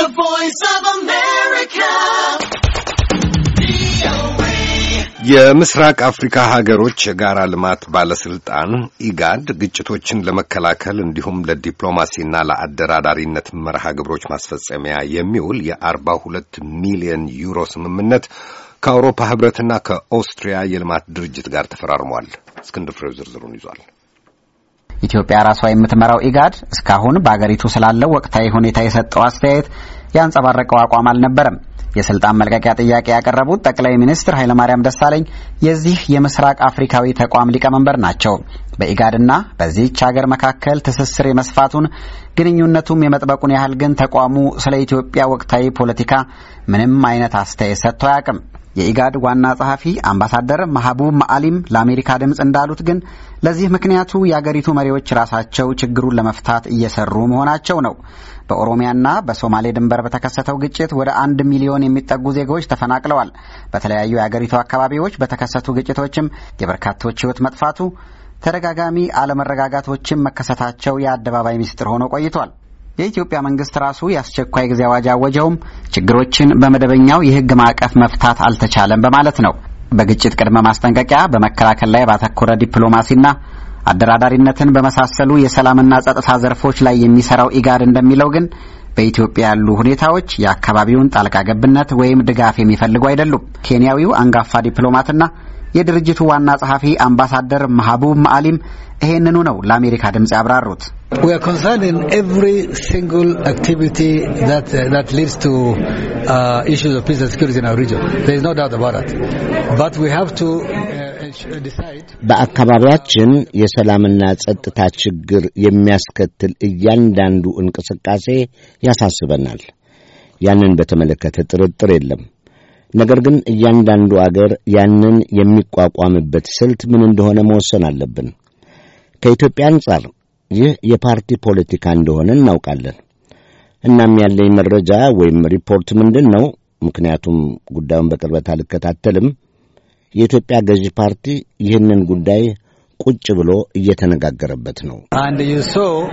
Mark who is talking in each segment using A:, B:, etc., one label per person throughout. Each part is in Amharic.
A: The Voice of America.
B: የምስራቅ አፍሪካ ሀገሮች የጋራ ልማት ባለስልጣን ኢጋድ ግጭቶችን ለመከላከል እንዲሁም ለዲፕሎማሲና ለአደራዳሪነት መርሃ ግብሮች ማስፈጸሚያ የሚውል የአርባ ሁለት ሚሊዮን ዩሮ ስምምነት ከአውሮፓ ህብረትና ከኦስትሪያ የልማት ድርጅት ጋር ተፈራርሟል። እስክንድር ፍሬው ዝርዝሩን ይዟል።
C: ኢትዮጵያ ራሷ የምትመራው ኢጋድ እስካሁን በአገሪቱ ስላለው ወቅታዊ ሁኔታ የሰጠው አስተያየት ያንጸባረቀው አቋም አልነበረም። የስልጣን መልቀቂያ ጥያቄ ያቀረቡት ጠቅላይ ሚኒስትር ኃይለማርያም ደሳለኝ የዚህ የምስራቅ አፍሪካዊ ተቋም ሊቀመንበር ናቸው። በኢጋድና በዚህች ሀገር መካከል ትስስር የመስፋቱን ግንኙነቱም የመጥበቁን ያህል ግን ተቋሙ ስለ ኢትዮጵያ ወቅታዊ ፖለቲካ ምንም አይነት አስተያየት ሰጥቶ አያውቅም። የኢጋድ ዋና ጸሐፊ አምባሳደር ማህቡብ ማአሊም ለአሜሪካ ድምፅ እንዳሉት ግን ለዚህ ምክንያቱ የአገሪቱ መሪዎች ራሳቸው ችግሩን ለመፍታት እየሰሩ መሆናቸው ነው። በኦሮሚያና በሶማሌ ድንበር በተከሰተው ግጭት ወደ አንድ ሚሊዮን የሚጠጉ ዜጎች ተፈናቅለዋል። በተለያዩ የአገሪቱ አካባቢዎች በተከሰቱ ግጭቶችም የበርካቶች ሕይወት መጥፋቱ፣ ተደጋጋሚ አለመረጋጋቶችም መከሰታቸው የአደባባይ ሚስጥር ሆኖ ቆይቷል። የኢትዮጵያ መንግስት ራሱ የአስቸኳይ ጊዜ አዋጅ አወጀውም ችግሮችን በመደበኛው የህግ ማዕቀፍ መፍታት አልተቻለም በማለት ነው። በግጭት ቅድመ ማስጠንቀቂያ፣ በመከላከል ላይ ባተኮረ ዲፕሎማሲና አደራዳሪነትን በመሳሰሉ የሰላምና ጸጥታ ዘርፎች ላይ የሚሰራው ኢጋድ እንደሚለው ግን በኢትዮጵያ ያሉ ሁኔታዎች የአካባቢውን ጣልቃ ገብነት ወይም ድጋፍ የሚፈልጉ አይደሉም። ኬንያዊው አንጋፋ ዲፕሎማትና የድርጅቱ ዋና ጸሐፊ አምባሳደር ማህቡብ ማአሊም ይሄንኑ ነው ለአሜሪካ ድምፅ ያብራሩት።
B: በአካባቢያችን የሰላምና ጸጥታ ችግር የሚያስከትል እያንዳንዱ እንቅስቃሴ ያሳስበናል። ያንን በተመለከተ ጥርጥር የለም። ነገር ግን እያንዳንዱ አገር ያንን የሚቋቋምበት ስልት ምን እንደሆነ መወሰን አለብን። ከኢትዮጵያ አንጻር ይህ የፓርቲ ፖለቲካ እንደሆነ እናውቃለን። እናም ያለኝ መረጃ ወይም ሪፖርት ምንድን ነው? ምክንያቱም ጉዳዩን በቅርበት አልከታተልም። የኢትዮጵያ ገዢ ፓርቲ ይህንን ጉዳይ ቁጭ ብሎ እየተነጋገረበት
A: ነው። uh, uh,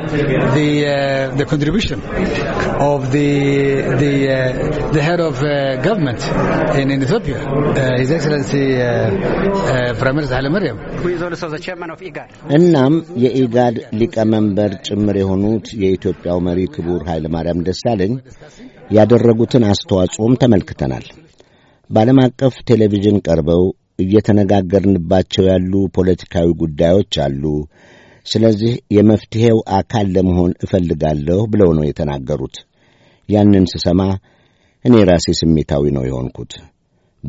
A: uh,
B: እናም የኢጋድ ሊቀመንበር ጭምር የሆኑት የኢትዮጵያው መሪ ክቡር ኃይለማርያም ደሳለኝ ያደረጉትን አስተዋጽኦም ተመልክተናል። በዓለም አቀፍ ቴሌቪዥን ቀርበው እየተነጋገርንባቸው ያሉ ፖለቲካዊ ጉዳዮች አሉ። ስለዚህ የመፍትሔው አካል ለመሆን እፈልጋለሁ ብለው ነው የተናገሩት። ያንን ስሰማ እኔ ራሴ ስሜታዊ ነው የሆንኩት።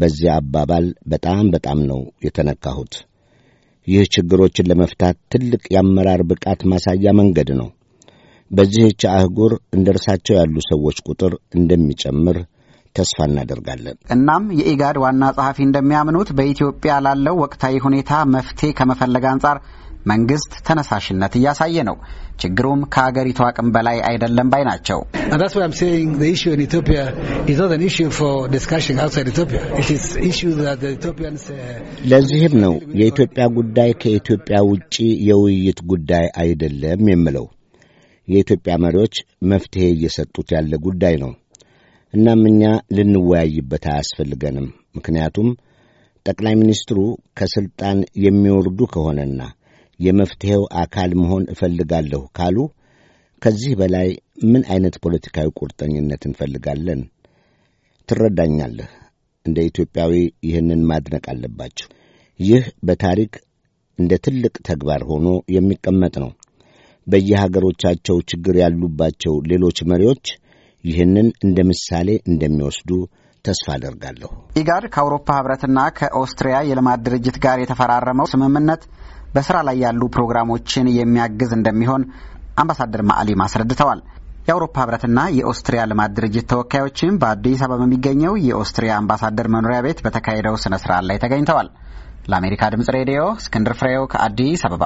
B: በዚያ አባባል በጣም በጣም ነው የተነካሁት። ይህ ችግሮችን ለመፍታት ትልቅ የአመራር ብቃት ማሳያ መንገድ ነው። በዚህች አህጉር እንደ እርሳቸው ያሉ ሰዎች ቁጥር እንደሚጨምር ተስፋ እናደርጋለን።
C: እናም የኢጋድ ዋና ጸሐፊ እንደሚያምኑት በኢትዮጵያ ላለው ወቅታዊ ሁኔታ መፍትሄ ከመፈለግ አንጻር መንግስት ተነሳሽነት እያሳየ ነው። ችግሩም ከአገሪቱ አቅም በላይ አይደለም ባይ ናቸው።
A: uh,
B: ለዚህም ነው የኢትዮጵያ ጉዳይ ከኢትዮጵያ ውጪ የውይይት ጉዳይ አይደለም የምለው። የኢትዮጵያ መሪዎች መፍትሄ እየሰጡት ያለ ጉዳይ ነው። እናም እኛ ልንወያይበት አያስፈልገንም። ምክንያቱም ጠቅላይ ሚኒስትሩ ከሥልጣን የሚወርዱ ከሆነና የመፍትሔው አካል መሆን እፈልጋለሁ ካሉ ከዚህ በላይ ምን ዐይነት ፖለቲካዊ ቁርጠኝነት እንፈልጋለን? ትረዳኛለህ። እንደ ኢትዮጵያዊ ይህንን ማድነቅ አለባችሁ። ይህ በታሪክ እንደ ትልቅ ተግባር ሆኖ የሚቀመጥ ነው። በየሀገሮቻቸው ችግር ያሉባቸው ሌሎች መሪዎች ይህንን እንደ ምሳሌ እንደሚወስዱ ተስፋ አደርጋለሁ።
C: ኢጋድ ከአውሮፓ ህብረትና ከኦስትሪያ የልማት ድርጅት ጋር የተፈራረመው ስምምነት በስራ ላይ ያሉ ፕሮግራሞችን የሚያግዝ እንደሚሆን አምባሳደር ማዕሊም አስረድተዋል። የአውሮፓ ህብረትና የኦስትሪያ ልማት ድርጅት ተወካዮችም በአዲስ አበባ በሚገኘው የኦስትሪያ አምባሳደር መኖሪያ ቤት በተካሄደው ስነ ስርዓት ላይ
A: ተገኝተዋል። ለአሜሪካ ድምጽ ሬዲዮ እስክንድር ፍሬው ከአዲስ አበባ